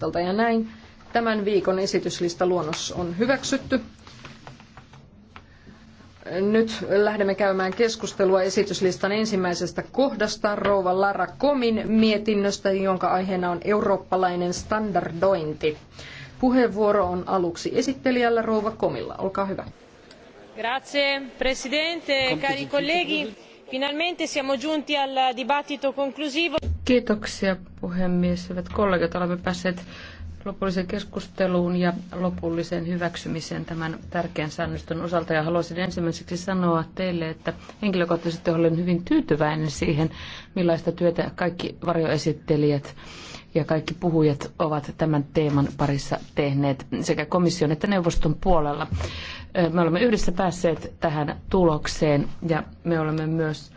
listalta ja näin. Tämän viikon esityslista luonnos on hyväksytty. Nyt lähdemme käymään keskustelua esityslistan ensimmäisestä kohdasta Rouva Lara Komin mietinnöstä, jonka aiheena on eurooppalainen standardointi. Puheenvuoro on aluksi esittelijällä Rouva Komilla. Olkaa hyvä. Grazie, Presidente, cari colleghi. Finalmente siamo giunti al dibattito conclusivo. Kiitoksia puhemies. Hyvät kollegat, olemme päässeet lopulliseen keskusteluun ja lopulliseen hyväksymiseen tämän tärkeän säännöstön osalta. Ja haluaisin ensimmäiseksi sanoa teille, että henkilökohtaisesti olen hyvin tyytyväinen siihen, millaista työtä kaikki varjoesittelijät ja kaikki puhujat ovat tämän teeman parissa tehneet sekä komission että neuvoston puolella. Me olemme yhdessä päässeet tähän tulokseen ja me olemme myös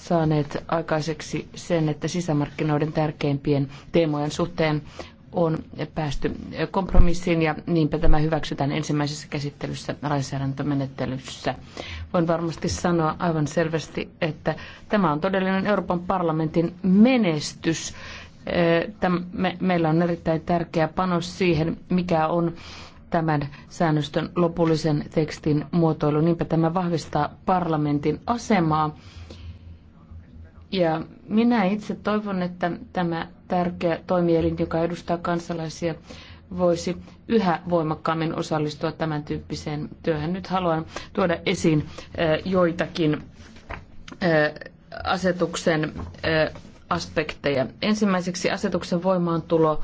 saaneet aikaiseksi sen, että sisämarkkinoiden tärkeimpien teemojen suhteen on päästy kompromissiin ja niinpä tämä hyväksytään ensimmäisessä käsittelyssä lainsäädäntömenettelyssä. Voin varmasti sanoa aivan selvästi, että tämä on todellinen Euroopan parlamentin menestys. Meillä on erittäin tärkeä panos siihen, mikä on tämän säännöstön lopullisen tekstin muotoilu. Niinpä tämä vahvistaa parlamentin asemaa ja minä itse toivon, että tämä tärkeä toimielin, joka edustaa kansalaisia, voisi yhä voimakkaammin osallistua tämän tyyppiseen työhön. Nyt haluan tuoda esiin joitakin asetuksen aspekteja. Ensimmäiseksi asetuksen voimaantulo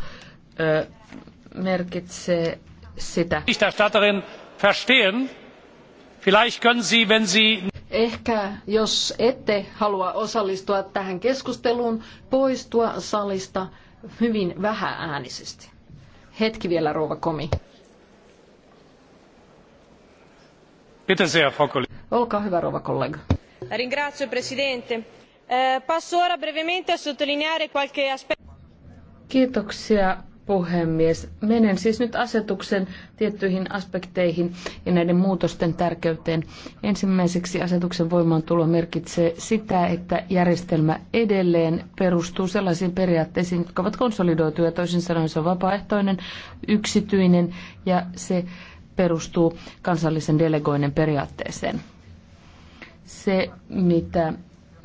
merkitsee sitä. Verstehen. Vielleicht können Sie, wenn Sie Ehkä jos ette halua osallistua tähän keskusteluun, poistua salista hyvin vähääänisesti. Hetki vielä, rouva Komi. Olkaa hyvä, rouva kollega. Ringrazio, presidente. Eh, passo ora brevemente a sottolineare qualche aspetto. Kiitoksia puhemies. Menen siis nyt asetuksen tiettyihin aspekteihin ja näiden muutosten tärkeyteen. Ensimmäiseksi asetuksen voimaantulo merkitsee sitä, että järjestelmä edelleen perustuu sellaisiin periaatteisiin, jotka ovat konsolidoituja. Toisin sanoen se on vapaaehtoinen, yksityinen ja se perustuu kansallisen delegoinnin periaatteeseen. Se, mitä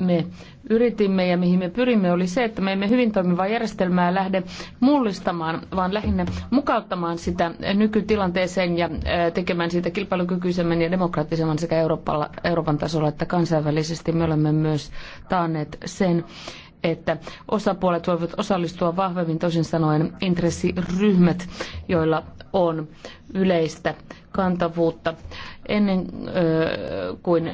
me yritimme ja mihin me pyrimme oli se, että me emme hyvin toimivaa järjestelmää lähde mullistamaan, vaan lähinnä mukauttamaan sitä nykytilanteeseen ja tekemään siitä kilpailukykyisemmän ja demokraattisemman sekä Euroopalla, Euroopan tasolla että kansainvälisesti. Me olemme myös taanneet sen, että osapuolet voivat osallistua vahvemmin, toisin sanoen intressiryhmät, joilla on yleistä kantavuutta. Ennen kuin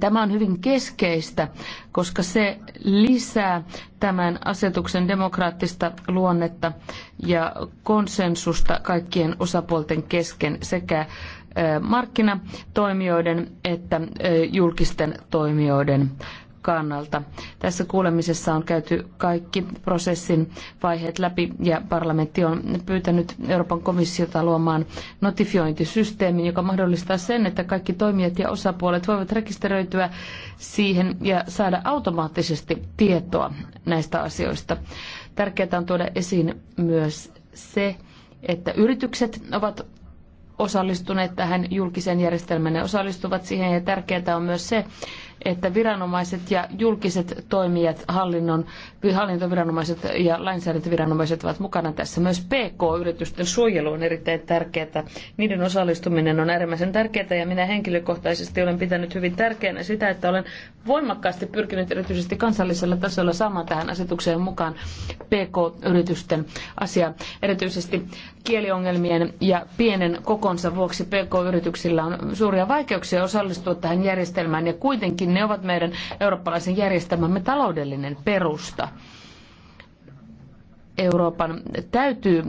Tämä on hyvin keskeistä, koska se lisää tämän asetuksen demokraattista luonnetta ja konsensusta kaikkien osapuolten kesken sekä markkinatoimijoiden että julkisten toimijoiden kannalta. Tässä kuulemisessa on käyty kaikki prosessin vaiheet läpi ja parlamentti on pyytänyt Euroopan komissiota luomaan notifiointisysteemin, joka mahdollistaa sen, että kaikki toimijat ja osapuolet voivat rekisteröityä siihen ja saada automaattisesti tietoa näistä asioista. Tärkeää on tuoda esiin myös se, että yritykset ovat osallistuneet tähän julkiseen järjestelmään ja osallistuvat siihen. Ja tärkeää on myös se, että viranomaiset ja julkiset toimijat, hallinnon, hallintoviranomaiset ja lainsäädäntöviranomaiset ovat mukana tässä. Myös PK-yritysten suojelu on erittäin tärkeää. Niiden osallistuminen on äärimmäisen tärkeää ja minä henkilökohtaisesti olen pitänyt hyvin tärkeänä sitä, että olen voimakkaasti pyrkinyt erityisesti kansallisella tasolla saamaan tähän asetukseen mukaan PK-yritysten asia. Erityisesti kieliongelmien ja pienen kokonsa vuoksi PK-yrityksillä on suuria vaikeuksia osallistua tähän järjestelmään ja kuitenkin ne ovat meidän eurooppalaisen järjestelmämme taloudellinen perusta. Euroopan täytyy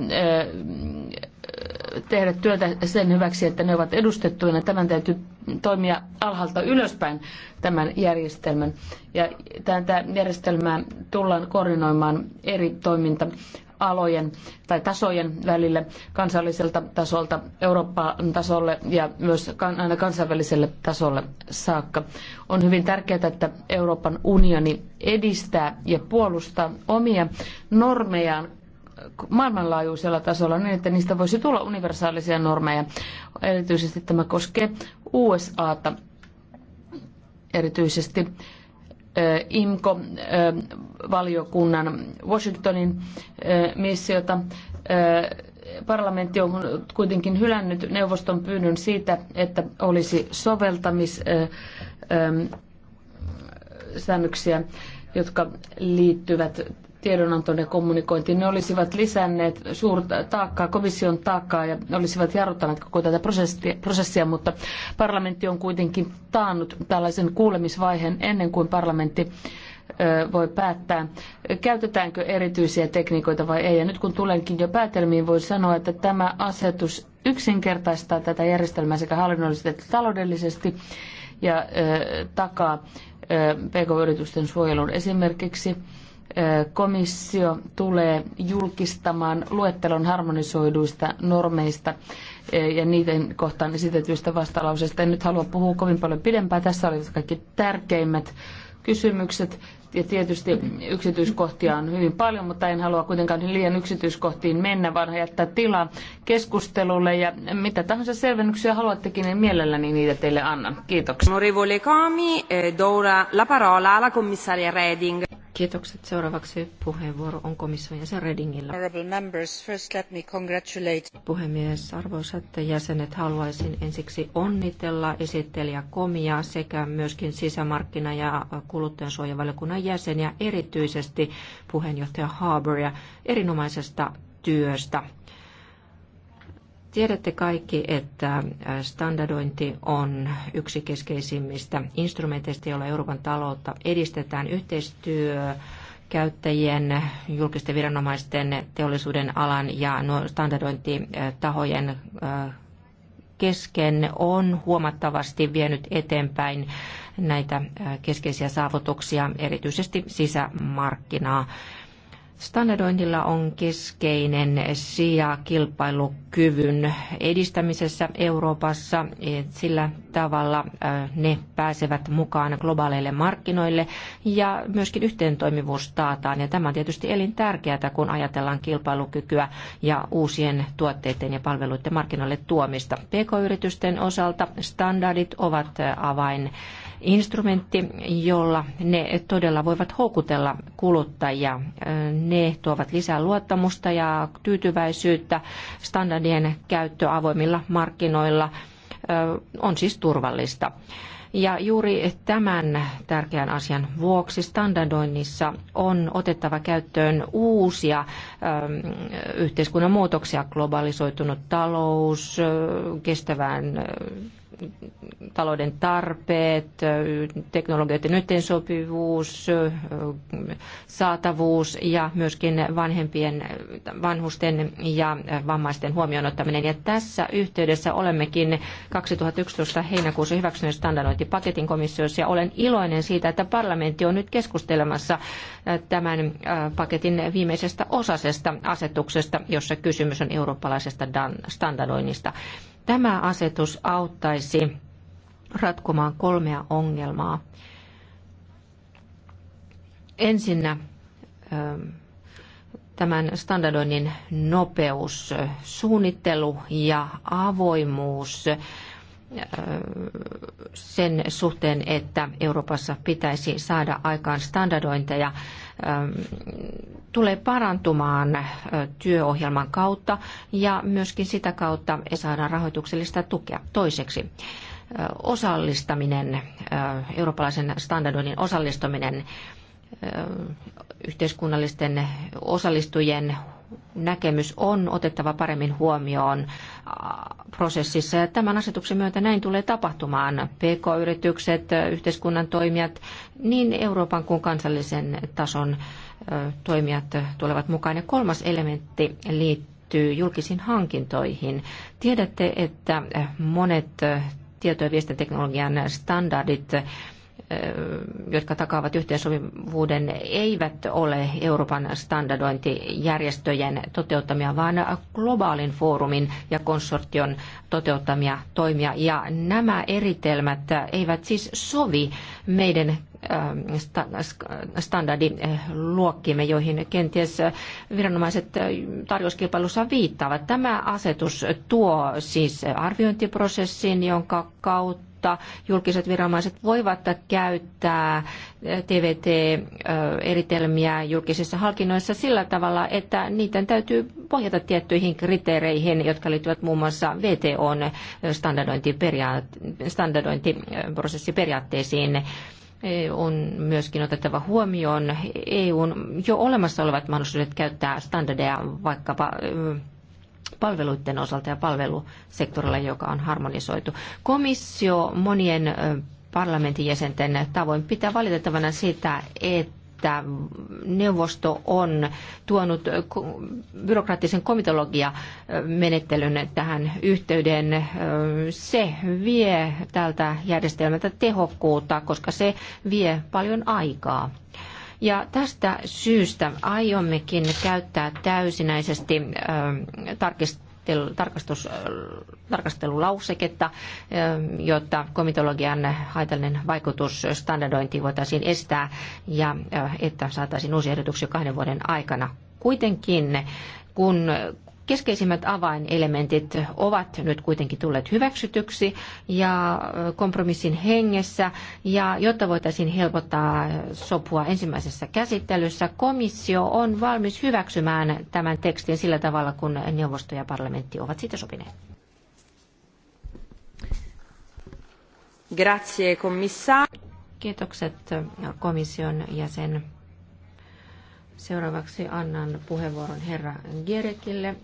tehdä työtä sen hyväksi, että ne ovat edustettuina. Tämän täytyy toimia alhaalta ylöspäin tämän järjestelmän. Ja tätä järjestelmää tullaan koordinoimaan eri toiminta alojen tai tasojen välille kansalliselta tasolta Euroopan tasolle ja myös aina kansainväliselle tasolle saakka. On hyvin tärkeää, että Euroopan unioni edistää ja puolustaa omia normejaan maailmanlaajuisella tasolla niin, että niistä voisi tulla universaalisia normeja. Erityisesti tämä koskee USAta erityisesti imco valiokunnan Washingtonin missiota. Parlamentti on kuitenkin hylännyt neuvoston pyynnön siitä, että olisi soveltamissäännöksiä, jotka liittyvät tiedonantonne kommunikointi. ne olisivat lisänneet suurta taakkaa, komission taakkaa ja olisivat jarruttaneet koko tätä prosessia, mutta parlamentti on kuitenkin taannut tällaisen kuulemisvaiheen ennen kuin parlamentti voi päättää, käytetäänkö erityisiä tekniikoita vai ei. Ja nyt kun tulenkin jo päätelmiin, voi sanoa, että tämä asetus yksinkertaistaa tätä järjestelmää sekä hallinnollisesti että taloudellisesti ja takaa pk-yritysten suojelun esimerkiksi komissio tulee julkistamaan luettelon harmonisoiduista normeista ja niiden kohtaan esitetyistä vastalauseista. En nyt halua puhua kovin paljon pidempään. Tässä olivat kaikki tärkeimmät kysymykset. Ja tietysti yksityiskohtia on hyvin paljon, mutta en halua kuitenkaan liian yksityiskohtiin mennä, vaan jättää tilaa keskustelulle. Ja mitä tahansa selvennyksiä haluattekin, niin mielelläni niitä teille annan. Kiitoksia. Onorevole Comi, eh, d'ora la parola alla commissaria Reding. Kiitokset. Seuraavaksi puheenvuoro on komission jäsen Redingillä. Puhemies, arvoisat jäsenet, haluaisin ensiksi onnitella esittelijä Komia sekä myöskin sisämarkkina- ja kuluttajansuojavaliokunnan jäseniä, erityisesti puheenjohtaja Harboria, erinomaisesta työstä. Tiedätte kaikki, että standardointi on yksi keskeisimmistä instrumenteista, joilla Euroopan taloutta edistetään. Yhteistyö käyttäjien, julkisten viranomaisten, teollisuuden alan ja standardointitahojen kesken on huomattavasti vienyt eteenpäin näitä keskeisiä saavutuksia, erityisesti sisämarkkinaa. Standardoinnilla on keskeinen sija kilpailukyvyn edistämisessä Euroopassa. Sillä tavalla ne pääsevät mukaan globaaleille markkinoille ja myöskin yhteentoimivuus taataan. Ja tämä on tietysti elintärkeää, kun ajatellaan kilpailukykyä ja uusien tuotteiden ja palveluiden markkinoille tuomista. PK-yritysten osalta standardit ovat avain instrumentti, jolla ne todella voivat houkutella kuluttajia ne tuovat lisää luottamusta ja tyytyväisyyttä. Standardien käyttö avoimilla markkinoilla on siis turvallista. Ja juuri tämän tärkeän asian vuoksi standardoinnissa on otettava käyttöön uusia yhteiskunnan muutoksia, globalisoitunut talous, kestävään talouden tarpeet, teknologioiden yhteensopivuus, saatavuus ja myöskin vanhempien, vanhusten ja vammaisten huomioon ottaminen. Ja tässä yhteydessä olemmekin 2011 heinäkuussa hyväksyneet standardointipaketin komissiossa ja olen iloinen siitä, että parlamentti on nyt keskustelemassa tämän äh, paketin viimeisestä osasesta asetuksesta, jossa kysymys on eurooppalaisesta standardoinnista. Tämä asetus auttaisi ratkomaan kolmea ongelmaa. Ensinnä tämän standardoinnin nopeus, suunnittelu ja avoimuus sen suhteen, että Euroopassa pitäisi saada aikaan standardointeja, tulee parantumaan työohjelman kautta ja myöskin sitä kautta saadaan rahoituksellista tukea. Toiseksi osallistaminen, eurooppalaisen standardoinnin osallistuminen yhteiskunnallisten osallistujien näkemys on otettava paremmin huomioon äh, prosessissa. Ja tämän asetuksen myötä näin tulee tapahtumaan. PK-yritykset, äh, yhteiskunnan toimijat, niin Euroopan kuin kansallisen tason äh, toimijat tulevat mukaan. Ja kolmas elementti liittyy julkisiin hankintoihin. Tiedätte, että monet tieto- ja viestintäteknologian standardit jotka takaavat yhteensopivuuden, eivät ole Euroopan standardointijärjestöjen toteuttamia, vaan globaalin foorumin ja konsortion toteuttamia toimia. Ja nämä eritelmät eivät siis sovi meidän Ähm, standardiluokkiimme, joihin kenties viranomaiset äh, tarjouskilpailussa viittaavat. Tämä asetus tuo siis arviointiprosessin, jonka kautta julkiset viranomaiset voivat käyttää äh, TVT-eritelmiä äh, julkisissa halkinnoissa sillä tavalla, että niiden täytyy pohjata tiettyihin kriteereihin, jotka liittyvät muun muassa VTOn standardointiperia- standardointiprosessiperiaatteisiin on e myöskin otettava huomioon EUn jo olemassa olevat mahdollisuudet käyttää standardeja vaikkapa palveluiden osalta ja palvelusektorilla, joka on harmonisoitu. Komissio monien parlamentin jäsenten tavoin pitää valitettavana sitä, että että neuvosto on tuonut byrokraattisen komitologiamenettelyn tähän yhteyden. Se vie tältä järjestelmältä tehokkuutta, koska se vie paljon aikaa. Ja tästä syystä aiommekin käyttää täysinäisesti äh, tarkastus, tarkastelulauseketta, eh, jotta komitologian haitallinen vaikutus standardointi voitaisiin estää ja eh, että saataisiin uusia ehdotuksia kahden vuoden aikana. Kuitenkin kun Keskeisimmät avainelementit ovat nyt kuitenkin tulleet hyväksytyksi ja kompromissin hengessä. Ja jotta voitaisiin helpottaa sopua ensimmäisessä käsittelyssä, komissio on valmis hyväksymään tämän tekstin sillä tavalla, kun neuvosto ja parlamentti ovat siitä sopineet. Grazie, Kiitokset komission jäsen. Seuraavaksi annan puheenvuoron herra Gierekille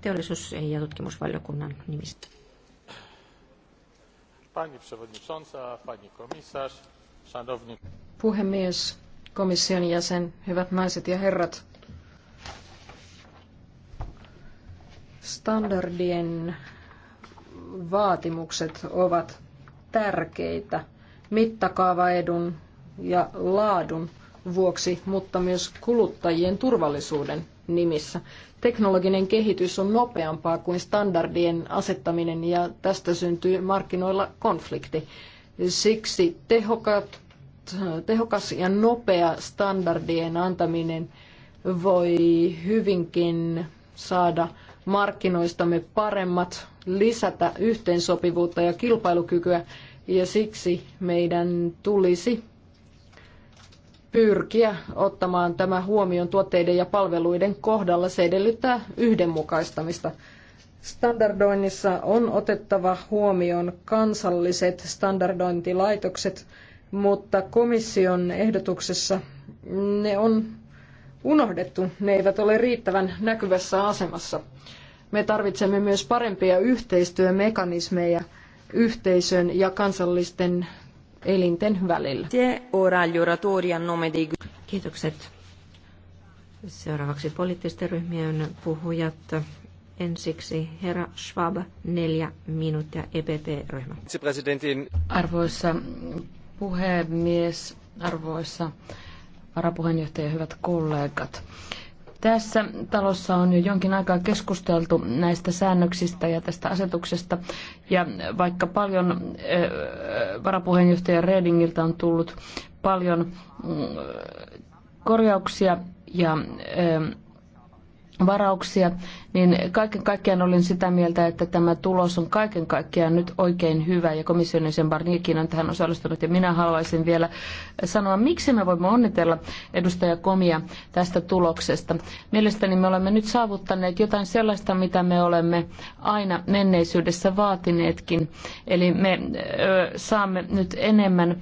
teollisuus- ja tutkimusvaliokunnan nimistä. Pani przewodnicząca, pani komisarz, szanowni... Puhemies, komission jäsen, hyvät naiset ja herrat. Standardien vaatimukset ovat tärkeitä mittakaavaedun ja laadun vuoksi, mutta myös kuluttajien turvallisuuden nimissä teknologinen kehitys on nopeampaa kuin standardien asettaminen ja tästä syntyy markkinoilla konflikti. Siksi tehokat, tehokas ja nopea standardien antaminen voi hyvinkin saada markkinoistamme paremmat, lisätä yhteensopivuutta ja kilpailukykyä ja siksi meidän tulisi pyrkiä ottamaan tämä huomioon tuotteiden ja palveluiden kohdalla. Se edellyttää yhdenmukaistamista. Standardoinnissa on otettava huomioon kansalliset standardointilaitokset, mutta komission ehdotuksessa ne on unohdettu. Ne eivät ole riittävän näkyvässä asemassa. Me tarvitsemme myös parempia yhteistyömekanismeja yhteisön ja kansallisten elinten välillä. Kiitokset. Seuraavaksi poliittisten ryhmien puhujat. Ensiksi herra Schwab, neljä minuuttia, EPP-ryhmä. Arvoisa puhemies, arvoisa varapuheenjohtaja, hyvät kollegat. Tässä talossa on jo jonkin aikaa keskusteltu näistä säännöksistä ja tästä asetuksesta. Ja vaikka paljon varapuheenjohtaja Redingiltä on tullut paljon mm, korjauksia ja varauksia, niin kaiken kaikkiaan olen sitä mieltä, että tämä tulos on kaiken kaikkiaan nyt oikein hyvä ja komission jäsen Barnierkin on tähän osallistunut ja minä haluaisin vielä sanoa, miksi me voimme onnitella edustaja Komia tästä tuloksesta. Mielestäni me olemme nyt saavuttaneet jotain sellaista, mitä me olemme aina menneisyydessä vaatineetkin. Eli me saamme nyt enemmän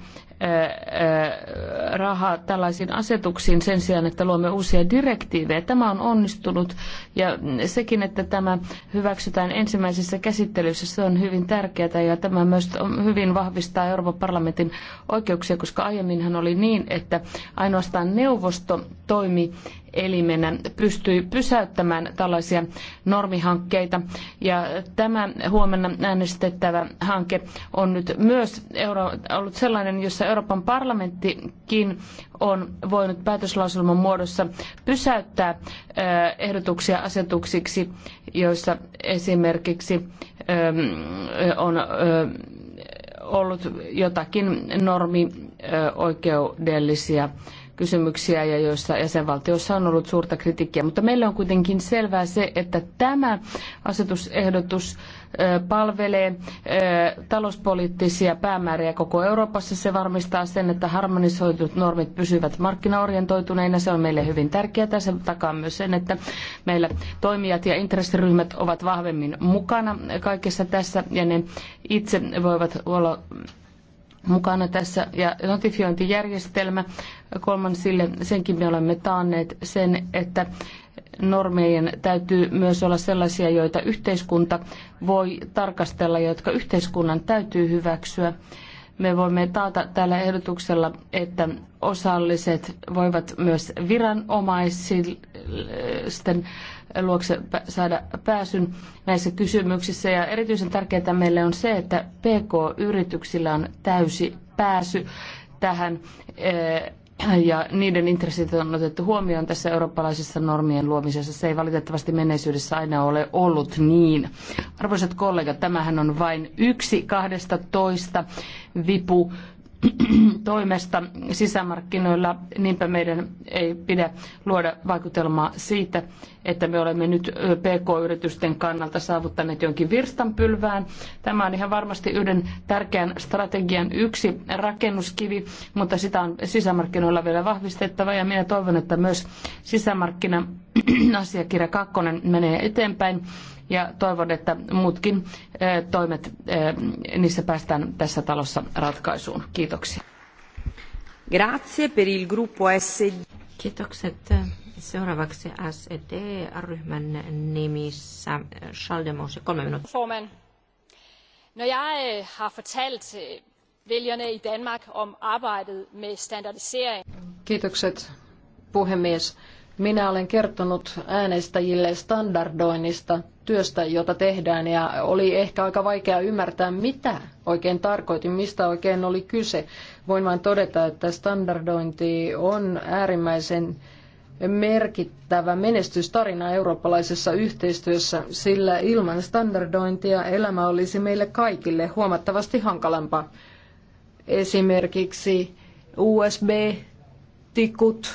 rahaa tällaisiin asetuksiin sen sijaan, että luomme uusia direktiivejä. Tämä on onnistunut ja sekin, että tämä hyväksytään ensimmäisessä käsittelyssä, se on hyvin tärkeää ja tämä myös hyvin vahvistaa Euroopan parlamentin oikeuksia, koska aiemminhan oli niin, että ainoastaan neuvosto toimi elimenä pystyi pysäyttämään tällaisia normihankkeita. Ja tämä huomenna äänestettävä hanke on nyt myös Euro ollut sellainen, jossa Euroopan parlamenttikin on voinut päätöslauselman muodossa pysäyttää ehdotuksia asetuksiksi, joissa esimerkiksi on ollut jotakin normioikeudellisia oikeudellisia kysymyksiä ja joissa jäsenvaltioissa on ollut suurta kritiikkiä. Mutta meille on kuitenkin selvää se, että tämä asetusehdotus palvelee talouspoliittisia päämääriä koko Euroopassa. Se varmistaa sen, että harmonisoidut normit pysyvät markkinaorientoituneina. Se on meille hyvin tärkeää. Se takaa myös sen, että meillä toimijat ja intressiryhmät ovat vahvemmin mukana kaikessa tässä ja ne itse voivat olla mukana tässä ja notifiointijärjestelmä kolmansille, senkin me olemme taanneet sen, että normejen täytyy myös olla sellaisia, joita yhteiskunta voi tarkastella, jotka yhteiskunnan täytyy hyväksyä. Me voimme taata tällä ehdotuksella, että osalliset voivat myös viranomaisten luokse saada pääsyn näissä kysymyksissä. Ja erityisen tärkeää meille on se, että PK-yrityksillä on täysi pääsy tähän eh, ja niiden intressit on otettu huomioon tässä eurooppalaisessa normien luomisessa. Se ei valitettavasti menneisyydessä aina ole ollut niin. Arvoisat kollegat, tämähän on vain yksi toista vipu toimesta sisämarkkinoilla, niinpä meidän ei pidä luoda vaikutelmaa siitä, että me olemme nyt PK-yritysten kannalta saavuttaneet jonkin virstanpylvään. Tämä on ihan varmasti yhden tärkeän strategian yksi rakennuskivi, mutta sitä on sisämarkkinoilla vielä vahvistettava ja minä toivon, että myös sisämarkkina asiakirja 2 menee eteenpäin ja toivon, että muutkin eh, toimet, eh, niissä päästään tässä talossa ratkaisuun. Kiitoksia. Grazie per il gruppo s. Kiitokset. Seuraavaksi SED-ryhmän nimissä eh, Charles de Mose, kolme minuuttia. Formen. Når jeg har fortalt vælgerne i Danmark om arbetet med standardisering. Kiitokset, puhemies. Minä olen kertonut äänestäjille standardoinnista työstä, jota tehdään, ja oli ehkä aika vaikea ymmärtää, mitä oikein tarkoitin, mistä oikein oli kyse. Voin vain todeta, että standardointi on äärimmäisen merkittävä menestystarina eurooppalaisessa yhteistyössä, sillä ilman standardointia elämä olisi meille kaikille huomattavasti hankalampaa. Esimerkiksi USB-tikut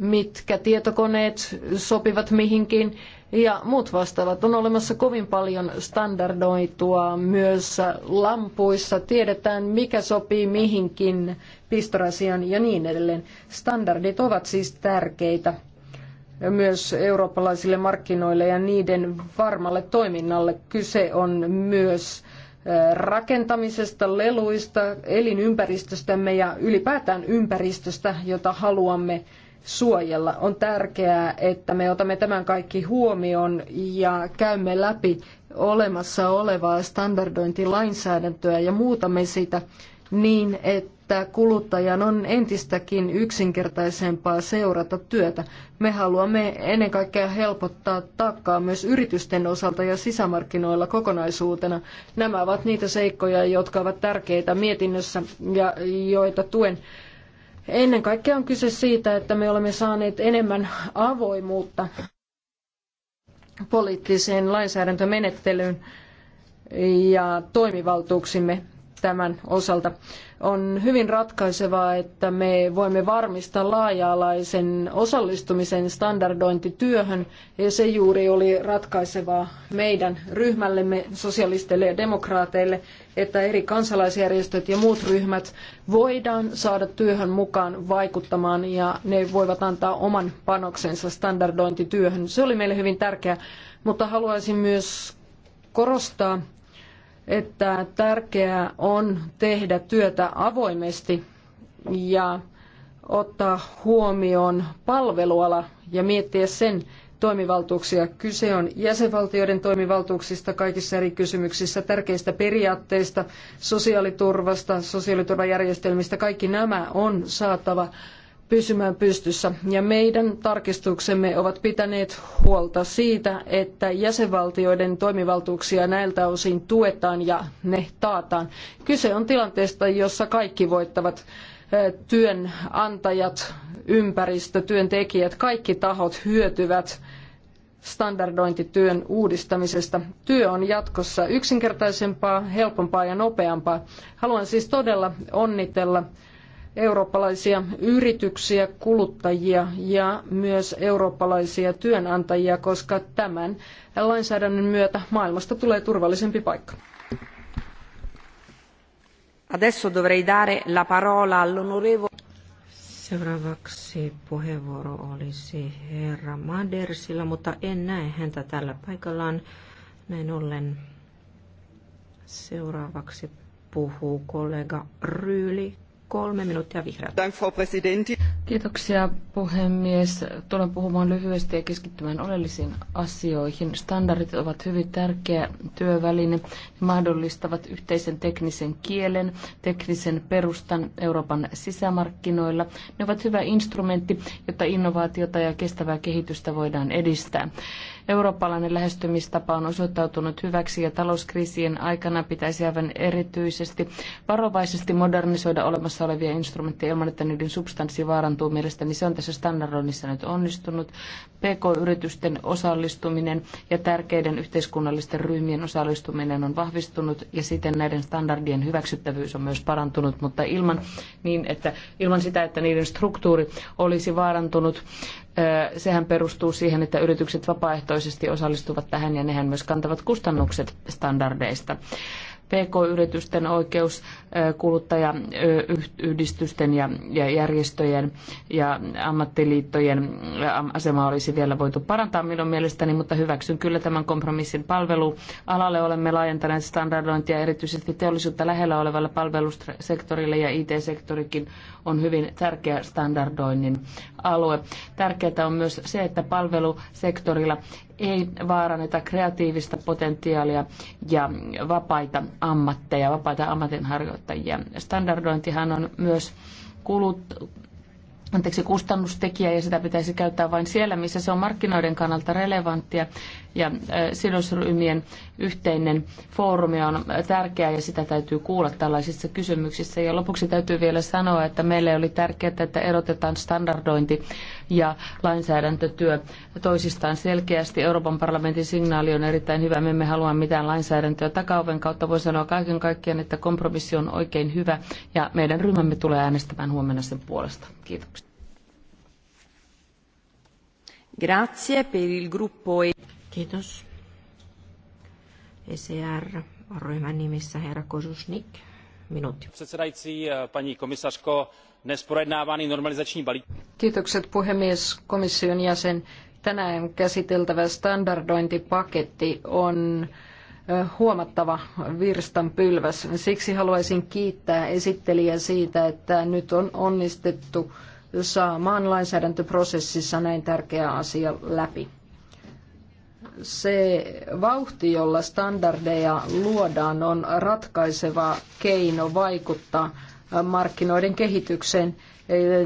mitkä tietokoneet sopivat mihinkin ja muut vastaavat. On olemassa kovin paljon standardoitua myös lampuissa. Tiedetään, mikä sopii mihinkin pistorasian ja niin edelleen. Standardit ovat siis tärkeitä myös eurooppalaisille markkinoille ja niiden varmalle toiminnalle. Kyse on myös rakentamisesta, leluista, elinympäristöstämme ja ylipäätään ympäristöstä, jota haluamme suojella. On tärkeää, että me otamme tämän kaikki huomioon ja käymme läpi olemassa olevaa standardointilainsäädäntöä ja muutamme sitä niin, että kuluttajan on entistäkin yksinkertaisempaa seurata työtä. Me haluamme ennen kaikkea helpottaa taakkaa myös yritysten osalta ja sisämarkkinoilla kokonaisuutena. Nämä ovat niitä seikkoja, jotka ovat tärkeitä mietinnössä ja joita tuen Ennen kaikkea on kyse siitä, että me olemme saaneet enemmän avoimuutta poliittiseen lainsäädäntömenettelyyn ja toimivaltuuksimme tämän osalta. On hyvin ratkaisevaa, että me voimme varmistaa laaja-alaisen osallistumisen standardointityöhön, ja se juuri oli ratkaisevaa meidän ryhmällemme, sosialisteille ja demokraateille, että eri kansalaisjärjestöt ja muut ryhmät voidaan saada työhön mukaan vaikuttamaan, ja ne voivat antaa oman panoksensa standardointityöhön. Se oli meille hyvin tärkeää, mutta haluaisin myös korostaa, että tärkeää on tehdä työtä avoimesti ja ottaa huomioon palveluala ja miettiä sen toimivaltuuksia. Kyse on jäsenvaltioiden toimivaltuuksista kaikissa eri kysymyksissä, tärkeistä periaatteista, sosiaaliturvasta, sosiaaliturvajärjestelmistä. Kaikki nämä on saatava pysymään pystyssä. Ja meidän tarkistuksemme ovat pitäneet huolta siitä, että jäsenvaltioiden toimivaltuuksia näiltä osin tuetaan ja ne taataan. Kyse on tilanteesta, jossa kaikki voittavat työnantajat, ympäristö, työntekijät, kaikki tahot hyötyvät standardointityön uudistamisesta. Työ on jatkossa yksinkertaisempaa, helpompaa ja nopeampaa. Haluan siis todella onnitella eurooppalaisia yrityksiä, kuluttajia ja myös eurooppalaisia työnantajia, koska tämän lainsäädännön myötä maailmasta tulee turvallisempi paikka. Adesso dovrei dare la parola all'onorevole. Seuraavaksi puheenvuoro olisi herra Madersilla, mutta en näe häntä tällä paikallaan. Näin ollen seuraavaksi puhuu kollega Ryyli Kolme minuuttia vihreät. Kiitoksia puhemies. Tulen puhumaan lyhyesti ja keskittymään oleellisiin asioihin. Standardit ovat hyvin tärkeä työväline. Ne mahdollistavat yhteisen teknisen kielen, teknisen perustan Euroopan sisämarkkinoilla. Ne ovat hyvä instrumentti, jotta innovaatiota ja kestävää kehitystä voidaan edistää. Eurooppalainen lähestymistapa on osoittautunut hyväksi ja talouskriisien aikana pitäisi aivan erityisesti varovaisesti modernisoida olemassa olevia instrumentteja ilman, että niiden substanssi vaarantuu. Mielestäni se on tässä standardoinnissa nyt onnistunut. PK-yritysten osallistuminen ja tärkeiden yhteiskunnallisten ryhmien osallistuminen on vahvistunut ja siten näiden standardien hyväksyttävyys on myös parantunut, mutta ilman, niin, että, ilman sitä, että niiden struktuuri olisi vaarantunut, sehän perustuu siihen, että yritykset vapaaehtoisesti osallistuvat tähän ja nehän myös kantavat kustannukset standardeista. PK-yritysten oikeus, kuluttajayhdistysten ja, ja järjestöjen ja ammattiliittojen asema olisi vielä voitu parantaa minun mielestäni, mutta hyväksyn kyllä tämän kompromissin palvelualalle. Olemme laajentaneet standardointia erityisesti teollisuutta lähellä olevalle palvelusektorille ja IT-sektorikin on hyvin tärkeä standardoinnin alue. Tärkeää on myös se, että palvelusektorilla ei vaaranneta kreatiivista potentiaalia ja vapaita ammatteja, vapaita ammatinharjoittajia. Standardointihan on myös kulut, anteeksi, kustannustekijä ja sitä pitäisi käyttää vain siellä, missä se on markkinoiden kannalta relevanttia ja sidosryhmien yhteinen foorumi on tärkeä ja sitä täytyy kuulla tällaisissa kysymyksissä. Ja lopuksi täytyy vielä sanoa, että meille oli tärkeää, että erotetaan standardointi ja lainsäädäntötyö toisistaan selkeästi. Euroopan parlamentin signaali on erittäin hyvä. Me emme halua mitään lainsäädäntöä takauven kautta. Voi sanoa kaiken kaikkiaan, että kompromissi on oikein hyvä ja meidän ryhmämme tulee äänestämään huomenna sen puolesta. Kiitoksia. Grazie per il gruppo e... Kiitos. ECR-ryhmän nimissä herra Kosusnik. Minuutti. Předsedající, eh, paní komisařko, dnes projednávaný normalizační balík. Kiitokset puhemies, komission jäsen. Tänään käsiteltävä standardointipaketti on eh, huomattava virstanpylväs. Siksi haluaisin kiittää esittelijää siitä, että nyt on onnistettu saamaan lainsäädäntöprosessissa näin tärkeä asia läpi. Se vauhti, jolla standardeja luodaan, on ratkaiseva keino vaikuttaa markkinoiden kehitykseen.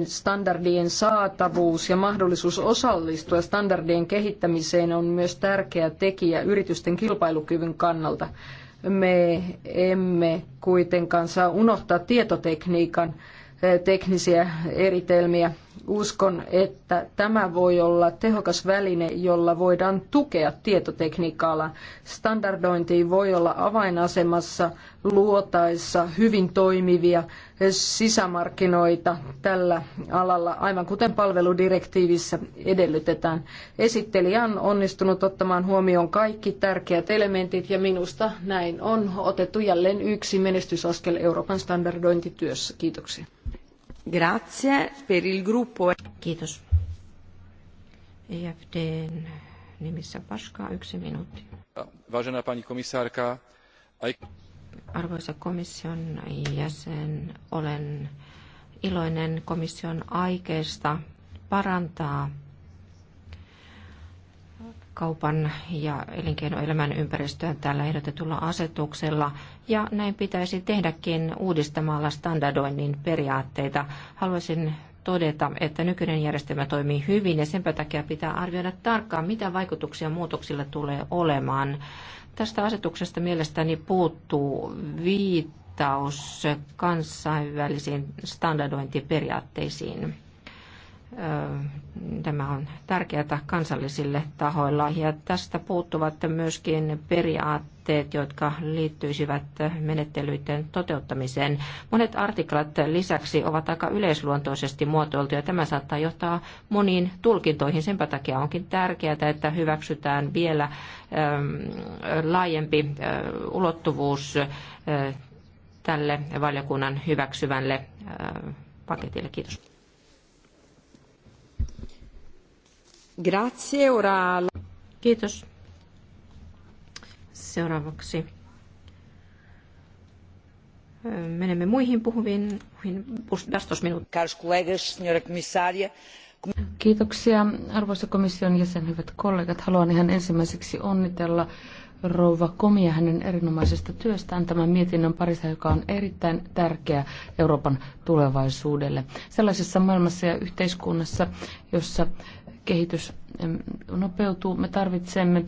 Standardien saatavuus ja mahdollisuus osallistua standardien kehittämiseen on myös tärkeä tekijä yritysten kilpailukyvyn kannalta. Me emme kuitenkaan saa unohtaa tietotekniikan teknisiä eritelmiä Uskon, että tämä voi olla tehokas väline, jolla voidaan tukea tietotekniikka-alan. Standardointi voi olla avainasemassa luotaessa hyvin toimivia sisämarkkinoita tällä alalla, aivan kuten palveludirektiivissä edellytetään. Esittelijä on onnistunut ottamaan huomioon kaikki tärkeät elementit ja minusta näin on otettu jälleen yksi menestysaskel Euroopan standardointityössä. Kiitoksia. Grazie per il gruppo. Kiitos. E nimissä yksi minuutti. Vážená pani komisárka, Arvoisa komission jäsen, olen iloinen komission aikeesta parantaa kaupan ja elinkeinoelämän ympäristöä tällä ehdotetulla asetuksella. Ja näin pitäisi tehdäkin uudistamalla standardoinnin periaatteita. Haluaisin todeta, että nykyinen järjestelmä toimii hyvin ja sen takia pitää arvioida tarkkaan, mitä vaikutuksia muutoksilla tulee olemaan. Tästä asetuksesta mielestäni puuttuu viittaus kansainvälisiin standardointiperiaatteisiin. Tämä on tärkeää kansallisille tahoilla ja tästä puuttuvat myöskin periaatteet, jotka liittyisivät menettelyiden toteuttamiseen. Monet artiklat lisäksi ovat aika yleisluontoisesti muotoiltuja. Tämä saattaa johtaa moniin tulkintoihin. Senpä takia onkin tärkeää, että hyväksytään vielä laajempi ulottuvuus tälle valiokunnan hyväksyvälle paketille. Kiitos. Kiitos. Seuraavaksi menemme muihin puhuviin Kiitoksia arvoisa komission jäsen, hyvät kollegat. Haluan ihan ensimmäiseksi onnitella rouva Komia hänen erinomaisesta työstään tämän mietinnön parissa, joka on erittäin tärkeä Euroopan tulevaisuudelle. Sellaisessa maailmassa ja yhteiskunnassa, jossa kehitys nopeutuu. Me tarvitsemme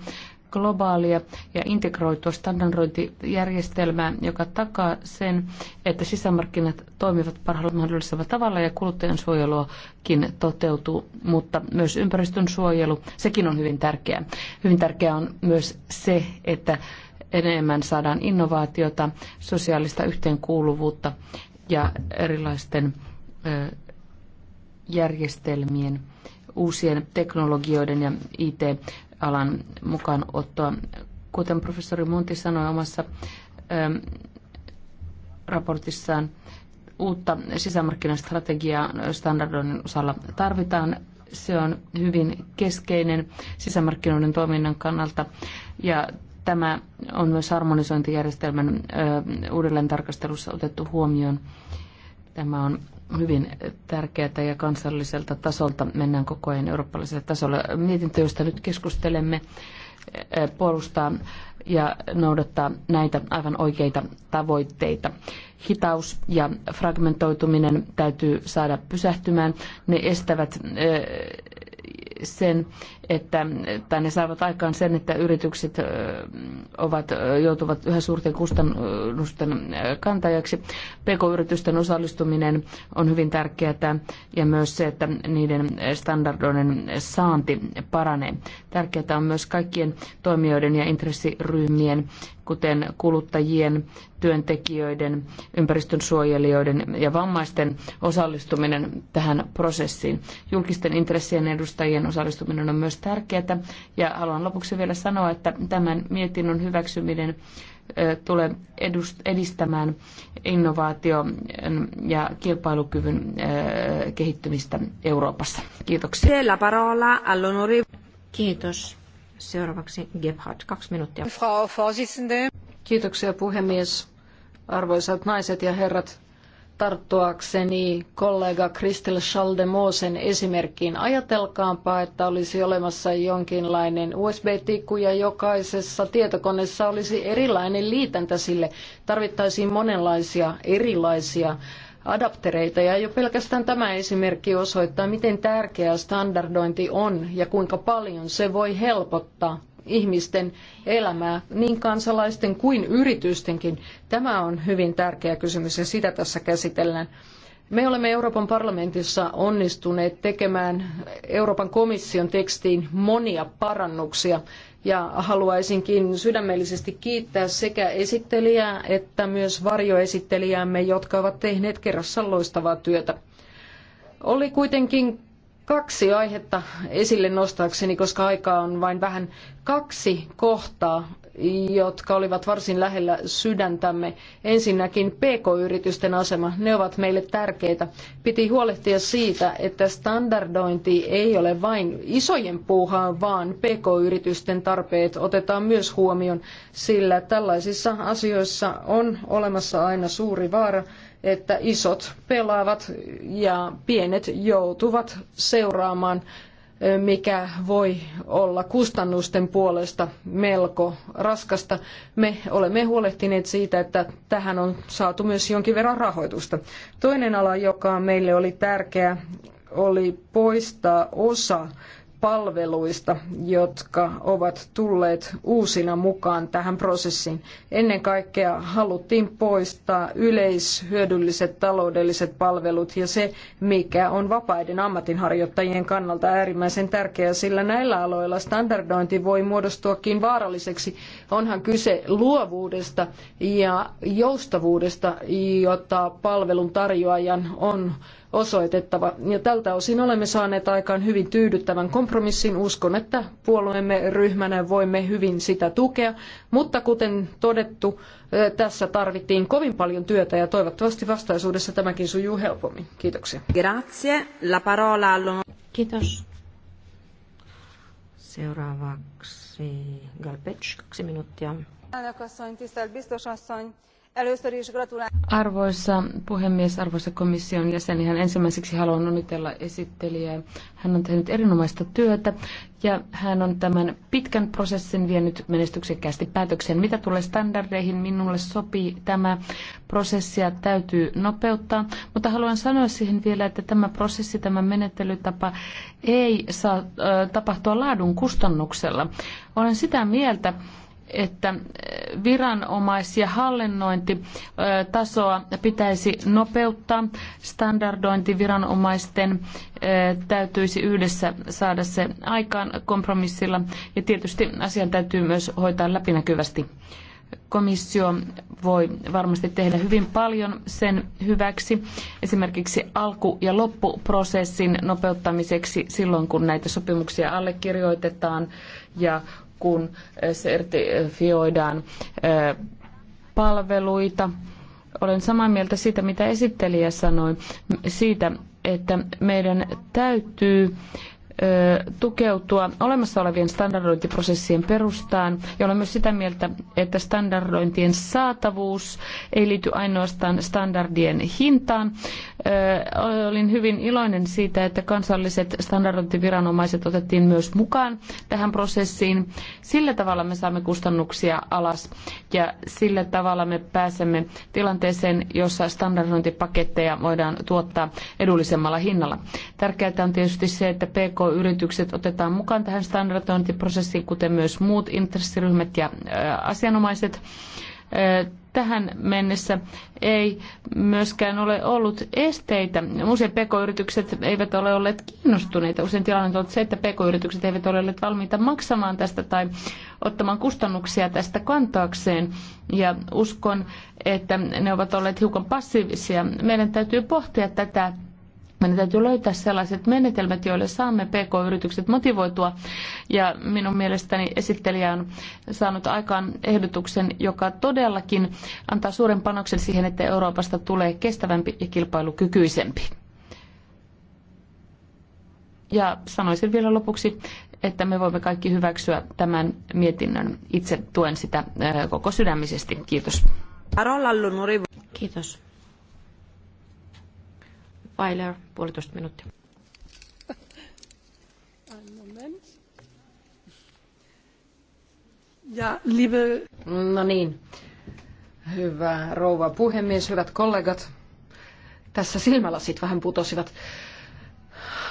globaalia ja integroitua standardointijärjestelmää, joka takaa sen, että sisämarkkinat toimivat parhaalla mahdollisella tavalla ja kuluttajan suojeluakin toteutuu, mutta myös ympäristön suojelu, sekin on hyvin tärkeää. Hyvin tärkeää on myös se, että enemmän saadaan innovaatiota, sosiaalista yhteenkuuluvuutta ja erilaisten järjestelmien uusien teknologioiden ja IT-alan mukaanottoa. Kuten professori Monti sanoi omassa ähm, raportissaan, uutta sisämarkkinastrategiaa standardoinnin osalla tarvitaan. Se on hyvin keskeinen sisämarkkinoiden toiminnan kannalta ja tämä on myös harmonisointijärjestelmän uudelleen tarkastelussa otettu huomioon. Tämä on hyvin tärkeää ja kansalliselta tasolta mennään koko ajan eurooppalaiselle tasolle. Mietintö, josta nyt keskustelemme, puolustaa ja noudattaa näitä aivan oikeita tavoitteita. Hitaus ja fragmentoituminen täytyy saada pysähtymään. Ne estävät eh, sen, että, tai ne saavat aikaan sen, että yritykset ovat, joutuvat yhä suurten kustannusten kantajaksi. PK-yritysten osallistuminen on hyvin tärkeää ja myös se, että niiden standardoinen saanti paranee. Tärkeää on myös kaikkien toimijoiden ja intressiryhmien, kuten kuluttajien, työntekijöiden, ympäristönsuojelijoiden ja vammaisten osallistuminen tähän prosessiin. Julkisten intressien edustajien osallistuminen on myös myös tärkeää. Ja haluan lopuksi vielä sanoa, että tämän mietinnön hyväksyminen tulee edistämään innovaatio- ja kilpailukyvyn kehittymistä Euroopassa. Kiitoksia. La parola Kiitos. Seuraavaksi Gebhardt, kaksi minuuttia. Frau Kiitoksia puhemies. Arvoisat naiset ja herrat, tarttuakseni kollega Kristel Schaldemosen esimerkkiin. Ajatelkaanpa, että olisi olemassa jonkinlainen USB-tikku ja jokaisessa tietokoneessa olisi erilainen liitäntä sille. Tarvittaisiin monenlaisia erilaisia adaptereita ja jo pelkästään tämä esimerkki osoittaa, miten tärkeää standardointi on ja kuinka paljon se voi helpottaa ihmisten elämää, niin kansalaisten kuin yritystenkin. Tämä on hyvin tärkeä kysymys ja sitä tässä käsitellään. Me olemme Euroopan parlamentissa onnistuneet tekemään Euroopan komission tekstiin monia parannuksia ja haluaisinkin sydämellisesti kiittää sekä esittelijää että myös varjoesittelijäämme, jotka ovat tehneet kerrassaan loistavaa työtä. Oli kuitenkin kaksi aihetta esille nostaakseni, koska aikaa on vain vähän kaksi kohtaa, jotka olivat varsin lähellä sydäntämme. Ensinnäkin PK-yritysten asema, ne ovat meille tärkeitä. Piti huolehtia siitä, että standardointi ei ole vain isojen puuhaa, vaan PK-yritysten tarpeet otetaan myös huomioon, sillä tällaisissa asioissa on olemassa aina suuri vaara, että isot pelaavat ja pienet joutuvat seuraamaan, mikä voi olla kustannusten puolesta melko raskasta. Me olemme huolehtineet siitä, että tähän on saatu myös jonkin verran rahoitusta. Toinen ala, joka meille oli tärkeä, oli poistaa osa palveluista, jotka ovat tulleet uusina mukaan tähän prosessiin. Ennen kaikkea haluttiin poistaa yleishyödylliset taloudelliset palvelut ja se, mikä on vapaiden ammatinharjoittajien kannalta äärimmäisen tärkeää, sillä näillä aloilla standardointi voi muodostuakin vaaralliseksi. Onhan kyse luovuudesta ja joustavuudesta, jota palvelun tarjoajan on osoitettava. Ja tältä osin olemme saaneet aikaan hyvin tyydyttävän kompromissin. Uskon, että puolueemme ryhmänä voimme hyvin sitä tukea, mutta kuten todettu, eh, tässä tarvittiin kovin paljon työtä ja toivottavasti vastaisuudessa tämäkin sujuu helpommin. Kiitoksia. Grazie. La parola Kiitos. Seuraavaksi Galpec, kaksi minuuttia. Arvoisa puhemies, arvoisa komission jäsen, ihan ensimmäiseksi haluan onnitella esittelijää. Hän on tehnyt erinomaista työtä ja hän on tämän pitkän prosessin vienyt menestyksekkäästi päätökseen. Mitä tulee standardeihin, minulle sopii tämä prosessi ja täytyy nopeuttaa, mutta haluan sanoa siihen vielä, että tämä prosessi, tämä menettelytapa ei saa tapahtua laadun kustannuksella. Olen sitä mieltä, että viranomais- ja hallinnointitasoa pitäisi nopeuttaa. Standardointiviranomaisten täytyisi yhdessä saada se aikaan kompromissilla ja tietysti asian täytyy myös hoitaa läpinäkyvästi. Komissio voi varmasti tehdä hyvin paljon sen hyväksi, esimerkiksi alku- ja loppuprosessin nopeuttamiseksi silloin, kun näitä sopimuksia allekirjoitetaan ja kun äh, sertifioidaan äh, palveluita. Olen samaa mieltä siitä, mitä esittelijä sanoi, siitä, että meidän täytyy tukeutua olemassa olevien standardointiprosessien perustaan ja olen myös sitä mieltä, että standardointien saatavuus ei liity ainoastaan standardien hintaan. Olin hyvin iloinen siitä, että kansalliset standardointiviranomaiset otettiin myös mukaan tähän prosessiin. Sillä tavalla me saamme kustannuksia alas ja sillä tavalla me pääsemme tilanteeseen, jossa standardointipaketteja voidaan tuottaa edullisemmalla hinnalla. Tärkeää on tietysti se, että PK PK-yritykset otetaan mukaan tähän standardointiprosessiin, kuten myös muut intressiryhmät ja asianomaiset tähän mennessä ei myöskään ole ollut esteitä. Usein pk-yritykset eivät ole olleet kiinnostuneita. Usein tilanne on ollut se, että pk-yritykset eivät ole olleet valmiita maksamaan tästä tai ottamaan kustannuksia tästä kantaakseen. Ja uskon, että ne ovat olleet hiukan passiivisia. Meidän täytyy pohtia tätä meidän täytyy löytää sellaiset menetelmät, joille saamme PK-yritykset motivoitua. Ja minun mielestäni esittelijä on saanut aikaan ehdotuksen, joka todellakin antaa suuren panoksen siihen, että Euroopasta tulee kestävämpi ja kilpailukykyisempi. Ja sanoisin vielä lopuksi, että me voimme kaikki hyväksyä tämän mietinnön. Itse tuen sitä koko sydämisesti. Kiitos. Kiitos. Weiler, puolitoista minuuttia. Ja, liebe... No niin, hyvä rouva puhemies, hyvät kollegat. Tässä silmälasit vähän putosivat.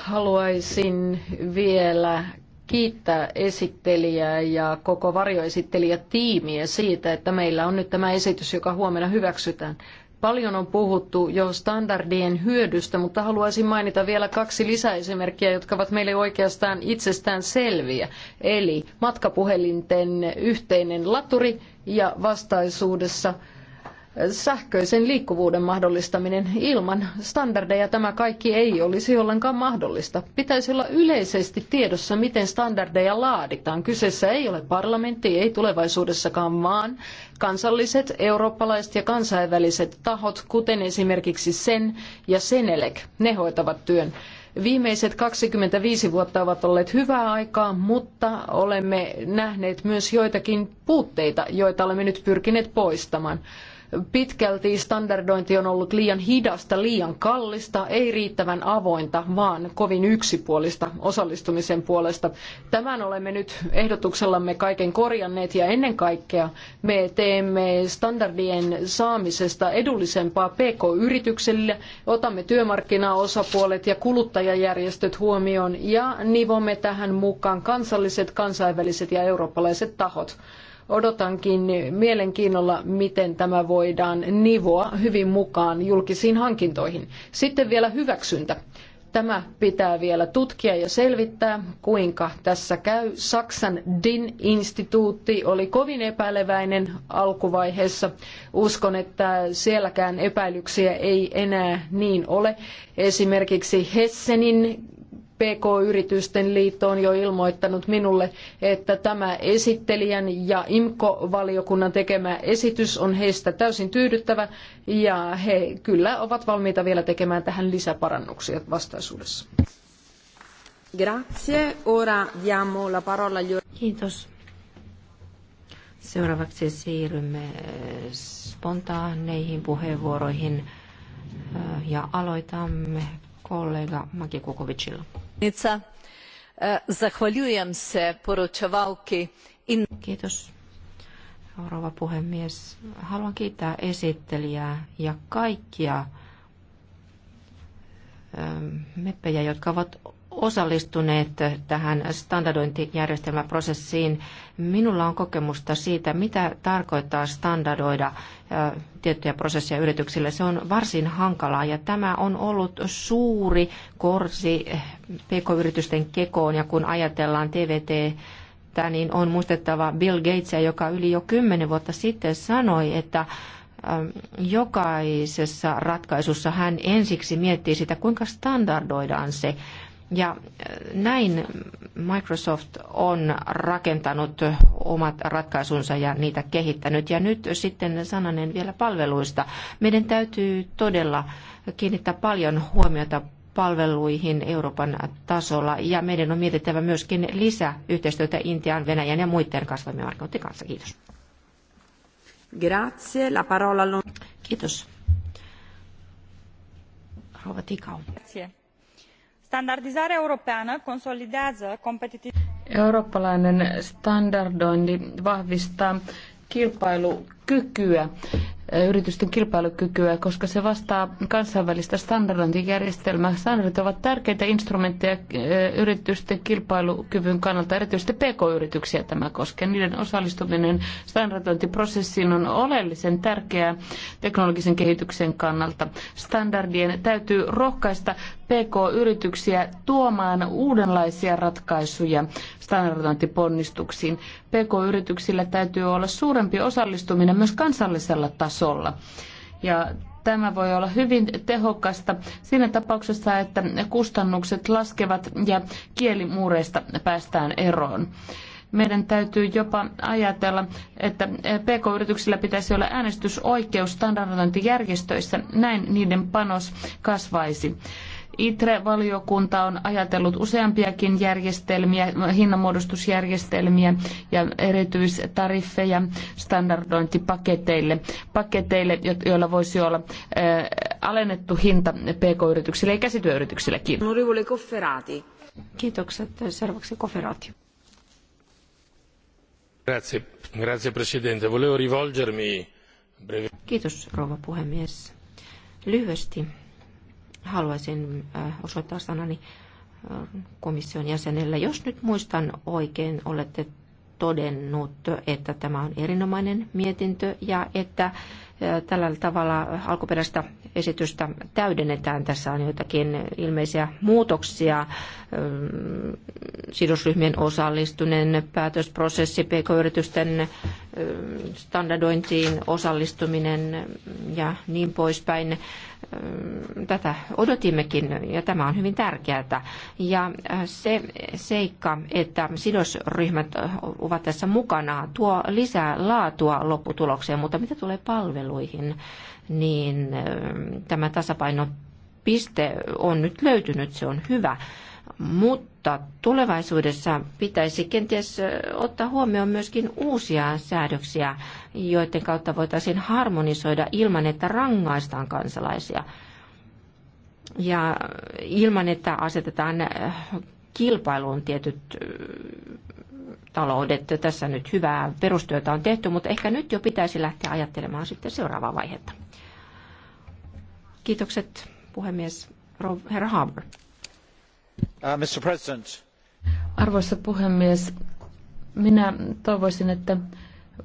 Haluaisin vielä kiittää esittelijää ja koko varjoesittelijätiimiä siitä, että meillä on nyt tämä esitys, joka huomenna hyväksytään. Paljon on puhuttu jo standardien hyödystä, mutta haluaisin mainita vielä kaksi lisäesimerkkiä, jotka ovat meille oikeastaan itsestään selviä. Eli matkapuhelinten yhteinen laturi ja vastaisuudessa sähköisen liikkuvuuden mahdollistaminen ilman standardeja tämä kaikki ei olisi ollenkaan mahdollista. Pitäisi olla yleisesti tiedossa, miten standardeja laaditaan. Kyseessä ei ole parlamentti, ei tulevaisuudessakaan vaan kansalliset, eurooppalaiset ja kansainväliset tahot, kuten esimerkiksi SEN ja SENELEC. Ne hoitavat työn. Viimeiset 25 vuotta ovat olleet hyvää aikaa, mutta olemme nähneet myös joitakin puutteita, joita olemme nyt pyrkineet poistamaan. Pitkälti standardointi on ollut liian hidasta, liian kallista, ei riittävän avointa, vaan kovin yksipuolista osallistumisen puolesta. Tämän olemme nyt ehdotuksellamme kaiken korjanneet ja ennen kaikkea me teemme standardien saamisesta edullisempaa PK-yrityksille, otamme työmarkkinaosapuolet ja kuluttajajärjestöt huomioon ja nivomme tähän mukaan kansalliset, kansainväliset ja eurooppalaiset tahot. Odotankin mielenkiinnolla, miten tämä voidaan nivoa hyvin mukaan julkisiin hankintoihin. Sitten vielä hyväksyntä. Tämä pitää vielä tutkia ja selvittää, kuinka tässä käy. Saksan DIN-instituutti oli kovin epäileväinen alkuvaiheessa. Uskon, että sielläkään epäilyksiä ei enää niin ole. Esimerkiksi Hessenin PK-yritysten liitto on jo ilmoittanut minulle, että tämä esittelijän ja IMKO-valiokunnan tekemä esitys on heistä täysin tyydyttävä ja he kyllä ovat valmiita vielä tekemään tähän lisäparannuksia vastaisuudessa. Grazie. Ora diamo la parola Kiitos. Seuraavaksi siirrymme eh, spontaaneihin puheenvuoroihin eh, ja aloitamme kollega Maki Kukovicilla. Nitsa. E, zahvaljujem se poročevalki. In... Kiitos rouva puhemies. Haluan kiittää esittelijää ja kaikkia e, meppejä, jotka ovat osallistuneet tähän standardointijärjestelmäprosessiin. Minulla on kokemusta siitä, mitä tarkoittaa standardoida tiettyjä prosesseja yrityksille. Se on varsin hankalaa ja tämä on ollut suuri korsi eh, pk-yritysten kekoon ja kun ajatellaan TVT niin on muistettava Bill Gatesia, joka yli jo kymmenen vuotta sitten sanoi, että jokaisessa ratkaisussa hän ensiksi miettii sitä, kuinka standardoidaan se. Ja äh, näin Microsoft on rakentanut omat ratkaisunsa ja niitä kehittänyt. Ja nyt sitten sananen vielä palveluista. Meidän täytyy todella kiinnittää paljon huomiota palveluihin Euroopan tasolla ja meidän on mietittävä myöskin lisää yhteistyötä Intian, Venäjän ja muiden kasvavien markkinoiden kanssa. Kiitos. Grazie. La parola... Kiitos. Rouva Tikau. Grazie standardizarea europeană consolidează competitivitatea. Eurooppalainen standardointi vahvistaa kilpailukykyä kykyä, eh, yritysten kilpailukykyä, koska se vastaa kansainvälistä standardointijärjestelmää. Standardit ovat tärkeitä instrumentteja eh, yritysten kilpailukyvyn kannalta, erityisesti pk-yrityksiä tämä koskee. Niiden osallistuminen standardointiprosessiin on oleellisen tärkeää teknologisen kehityksen kannalta. Standardien täytyy rohkaista pk-yrityksiä tuomaan uudenlaisia ratkaisuja standardointiponnistuksiin. Pk-yrityksillä täytyy olla suurempi osallistuminen myös kansallisella tasolla. Ja tämä voi olla hyvin tehokasta siinä tapauksessa, että kustannukset laskevat ja kielimuureista päästään eroon meidän täytyy jopa ajatella, että PK-yrityksillä pitäisi olla äänestysoikeus standardointijärjestöissä, näin niiden panos kasvaisi. ITRE-valiokunta on ajatellut useampiakin järjestelmiä, hinnanmuodostusjärjestelmiä ja erityistariffeja standardointipaketeille, paketeille, joilla voisi olla eh, alennettu hinta pk-yrityksille ja käsityöyrityksille. Kiitokset. Seuraavaksi Koferaati. Grazie, grazie Presidente. Volevo rivolgermi... Kiitos, rouva puhemies. Lyhyesti haluaisin äh, osoittaa sanani äh, komission jäsenelle. Jos nyt muistan oikein, olette todennut, että tämä on erinomainen mietintö ja että Tällä tavalla alkuperäistä esitystä täydennetään. Tässä on joitakin ilmeisiä muutoksia. Mm, sidosryhmien osallistuminen, päätösprosessi, pk-yritysten mm, standardointiin osallistuminen ja niin poispäin. Mm, tätä odotimmekin ja tämä on hyvin tärkeää. Ja äh, se seikka, että sidosryhmät ovat tässä mukana, tuo lisää laatua lopputulokseen, mutta mitä tulee palveluun? palveluihin, niin ähm, tämä tasapainopiste on nyt löytynyt, se on hyvä. Mutta tulevaisuudessa pitäisi kenties äh, ottaa huomioon myöskin uusia säädöksiä, joiden kautta voitaisiin harmonisoida ilman, että rangaistaan kansalaisia. Ja ilman, että asetetaan kilpailuun tietyt äh, taloudet. Tässä nyt hyvää perustyötä on tehty, mutta ehkä nyt jo pitäisi lähteä ajattelemaan sitten seuraavaa vaihetta. Kiitokset puhemies herra Haber. Uh, Mr. President. Arvoisa puhemies, minä toivoisin, että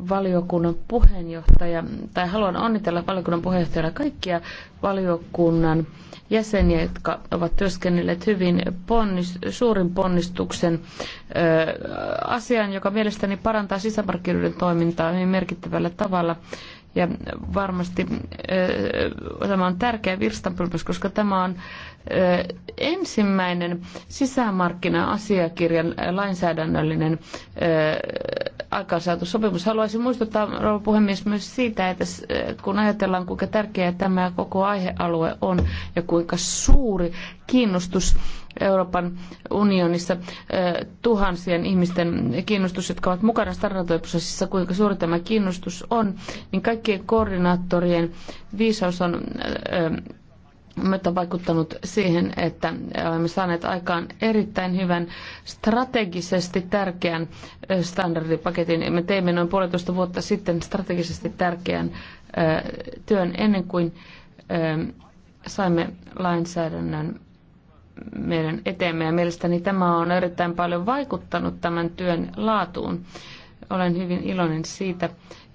valiokunnan puheenjohtaja, tai haluan onnitella valiokunnan puheenjohtajana kaikkia valiokunnan jäseniä, jotka ovat työskennelleet hyvin ponnist, suurin ponnistuksen ö, asian, joka mielestäni parantaa sisämarkkinoiden toimintaa hyvin merkittävällä tavalla. Ja varmasti ö, tämä on tärkeä virstanpylväs, koska tämä on ensimmäinen sisämarkkina-asiakirjan lainsäädännöllinen aikaansaatu sopimus. Haluaisin muistuttaa, rouva puhemies, myös siitä, että kun ajatellaan, kuinka tärkeä tämä koko aihealue on ja kuinka suuri kiinnostus Euroopan unionissa tuhansien ihmisten kiinnostus, jotka ovat mukana startup-prosessissa, kuinka suuri tämä kiinnostus on, niin kaikkien koordinaattorien viisaus on mutta vaikuttanut siihen, että olemme saaneet aikaan erittäin hyvän strategisesti tärkeän standardipaketin. Me teimme noin puolitoista vuotta sitten strategisesti tärkeän työn ennen kuin saimme lainsäädännön meidän eteemme ja mielestäni tämä on erittäin paljon vaikuttanut tämän työn laatuun. Olen hyvin iloinen siitä,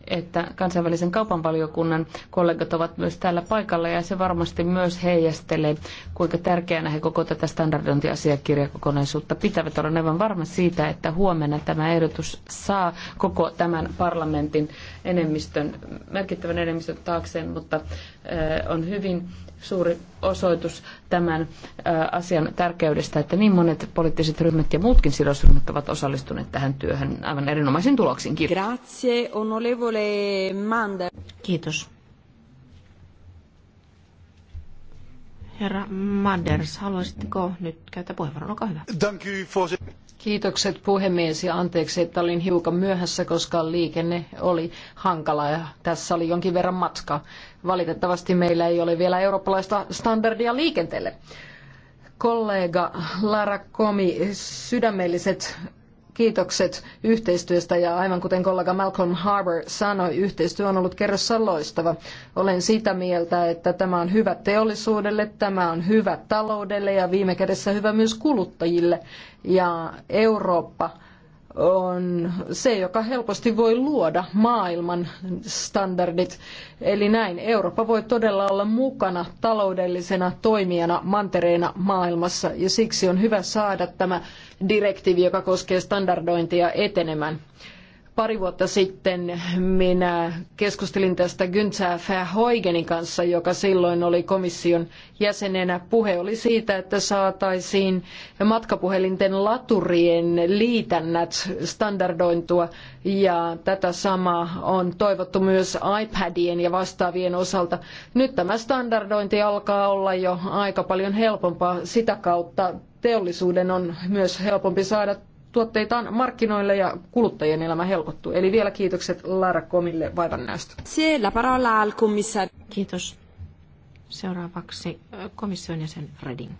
että kansainvälisen kaupan valiokunnan kollegat ovat myös täällä paikalla ja se varmasti myös heijastelee, kuinka tärkeänä he koko tätä standardointiasiakirjakokonaisuutta pitävät. Olen aivan varma siitä, että huomenna tämä ehdotus saa koko tämän parlamentin enemmistön, merkittävän enemmistön taakseen, mutta on hyvin suuri osoitus tämän asian tärkeydestä, että niin monet poliittiset ryhmät ja muutkin sidosryhmät ovat osallistuneet tähän työhön aivan erinomaisin tuloksin. Kiitos. Grazie, onolevole Manda. Kiitos. Herra Manders, haluaisitteko nyt käyttää puheenvuoron? Olkaa hyvä. Dank u, voorzitter. Kiitokset puhemies ja anteeksi, että olin hiukan myöhässä, koska liikenne oli hankala ja tässä oli jonkin verran matkaa. Valitettavasti meillä ei ole vielä eurooppalaista standardia liikenteelle. Kollega Lara Komi, sydämelliset Kiitokset yhteistyöstä ja aivan kuten kollega Malcolm Harbour sanoi, yhteistyö on ollut kerrassa loistava. Olen sitä mieltä, että tämä on hyvä teollisuudelle, tämä on hyvä taloudelle ja viime kädessä hyvä myös kuluttajille. Ja Eurooppa on se, joka helposti voi luoda maailman standardit. Eli näin Eurooppa voi todella olla mukana taloudellisena toimijana mantereena maailmassa ja siksi on hyvä saada tämä direktiivi, joka koskee standardointia etenemään. Pari vuotta sitten minä keskustelin tästä Günther Verheugenin kanssa, joka silloin oli komission jäsenenä. Puhe oli siitä, että saataisiin matkapuhelinten laturien liitännät standardointua ja tätä samaa on toivottu myös iPadien ja vastaavien osalta. Nyt tämä standardointi alkaa olla jo aika paljon helpompaa. Sitä kautta teollisuuden on myös helpompi saada tuotteitaan markkinoille ja kuluttajien elämä helpottuu. Eli vielä kiitokset Lara Komille vaivannäöstä. Siellä parola al Kiitos. Seuraavaksi komission jäsen Reding.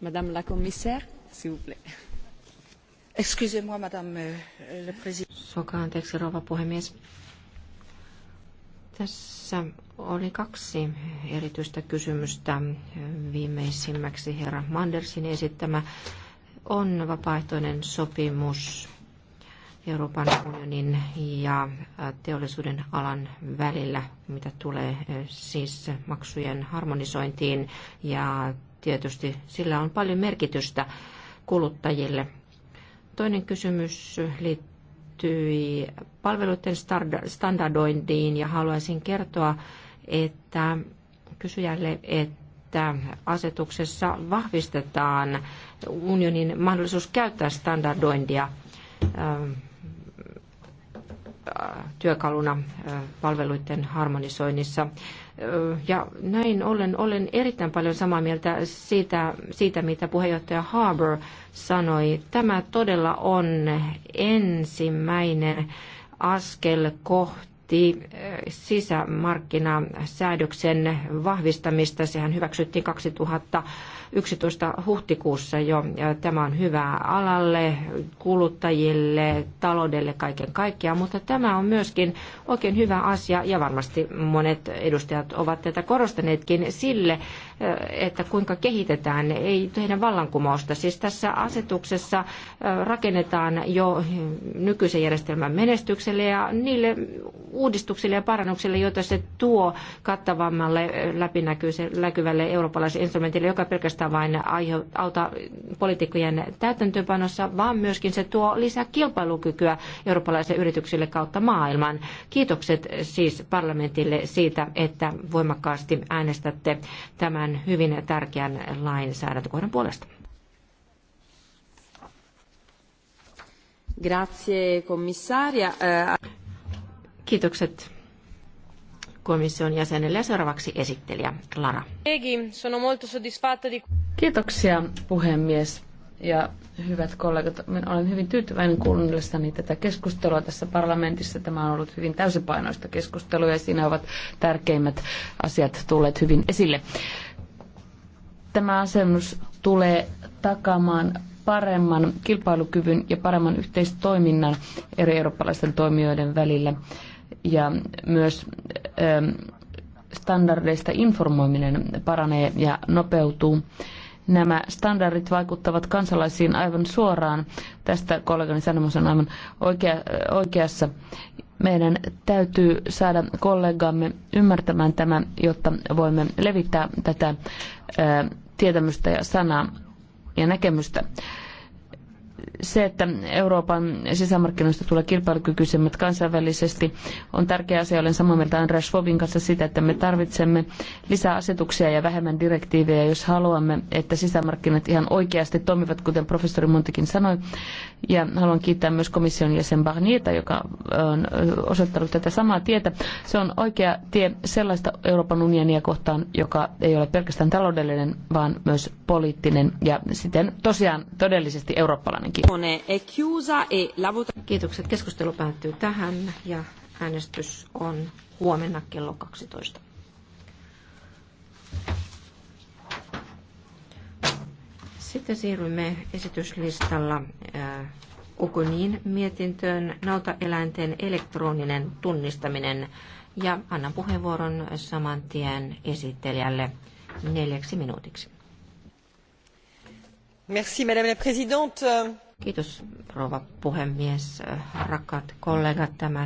Madame la commissaire, s'il vous plaît. Excusez-moi, madame euh, le président. Soka, anteeksi, rouva puhemies. Tässä oli kaksi erityistä kysymystä. Viimeisimmäksi herra Mandersin esittämä on vapaaehtoinen sopimus Euroopan unionin ja teollisuuden alan välillä, mitä tulee eh, siis maksujen harmonisointiin. Ja tietysti sillä on paljon merkitystä kuluttajille. Toinen kysymys liittyy palveluiden standardointiin ja haluaisin kertoa että kysyjälle, että asetuksessa vahvistetaan unionin mahdollisuus käyttää standardointia äh, työkaluna äh, palveluiden harmonisoinnissa. Äh, ja näin ollen olen erittäin paljon samaa mieltä siitä, siitä mitä puheenjohtaja Harbour sanoi. Tämä todella on ensimmäinen askel kohti vaatii eh, sisämarkkinasäädöksen vahvistamista. Sehän hyväksyttiin 2011 huhtikuussa jo. Tämä on hyvää alalle, kuluttajille, taloudelle kaiken kaikkiaan, mutta tämä on myöskin oikein hyvä asia ja varmasti monet edustajat ovat tätä korostaneetkin sille, että kuinka kehitetään, ei tehdä vallankumousta. Siis tässä asetuksessa rakennetaan jo nykyisen järjestelmän menestykselle ja niille uudistuksille ja parannuksille, joita se tuo kattavammalle läpinäkyvälle eurooppalaiselle instrumentille, joka pelkästään vain auta poliitikkojen täytäntöönpanossa, vaan myöskin se tuo lisää kilpailukykyä eurooppalaisille yrityksille kautta maailman. Kiitokset siis parlamentille siitä, että voimakkaasti äänestätte tämän tämän hyvin tärkeän lainsäädäntökohdan puolesta. Grazie, komissaria. Eh, Kiitokset komission jäsenelle ja seuraavaksi esittelijä Lara. Kiitoksia puhemies ja hyvät kollegat. Minä olen hyvin tyytyväinen kuunnellessani tätä keskustelua tässä parlamentissa. Tämä on ollut hyvin täysipainoista keskustelua ja siinä ovat tärkeimmät asiat tulleet hyvin esille. Tämä asennus tulee takaamaan paremman kilpailukyvyn ja paremman yhteistoiminnan eri eurooppalaisten toimijoiden välillä. Ja myös ähm, standardeista informoiminen paranee ja nopeutuu. Nämä standardit vaikuttavat kansalaisiin aivan suoraan. Tästä kollegani Sanomus on aivan oikea, äh, oikeassa. Meidän täytyy saada kollegamme ymmärtämään tämä, jotta voimme levittää tätä tietämystä ja sanaa ja näkemystä se, että Euroopan sisämarkkinoista tulee kilpailukykyisemmät kansainvälisesti, on tärkeä asia. Olen samaa mieltä Andreas Schwabin kanssa sitä, että me tarvitsemme lisää asetuksia ja vähemmän direktiivejä, jos haluamme, että sisämarkkinat ihan oikeasti toimivat, kuten professori Montikin sanoi. Ja haluan kiittää myös komission jäsen Barnierta, joka on osoittanut tätä samaa tietä. Se on oikea tie sellaista Euroopan unionia kohtaan, joka ei ole pelkästään taloudellinen, vaan myös poliittinen ja siten tosiaan todellisesti eurooppalainen enemmänkin. E Kiitokset. Keskustelu päättyy tähän ja äänestys on huomenna kello 12. Sitten siirrymme esityslistalla äh, Okoniin mietintöön nautaeläinten elektroninen tunnistaminen ja annan puheenvuoron saman tien esittelijälle neljäksi minuutiksi madame la présidente. Kiitos rouva puhemies, rakkaat kollegat. Tämä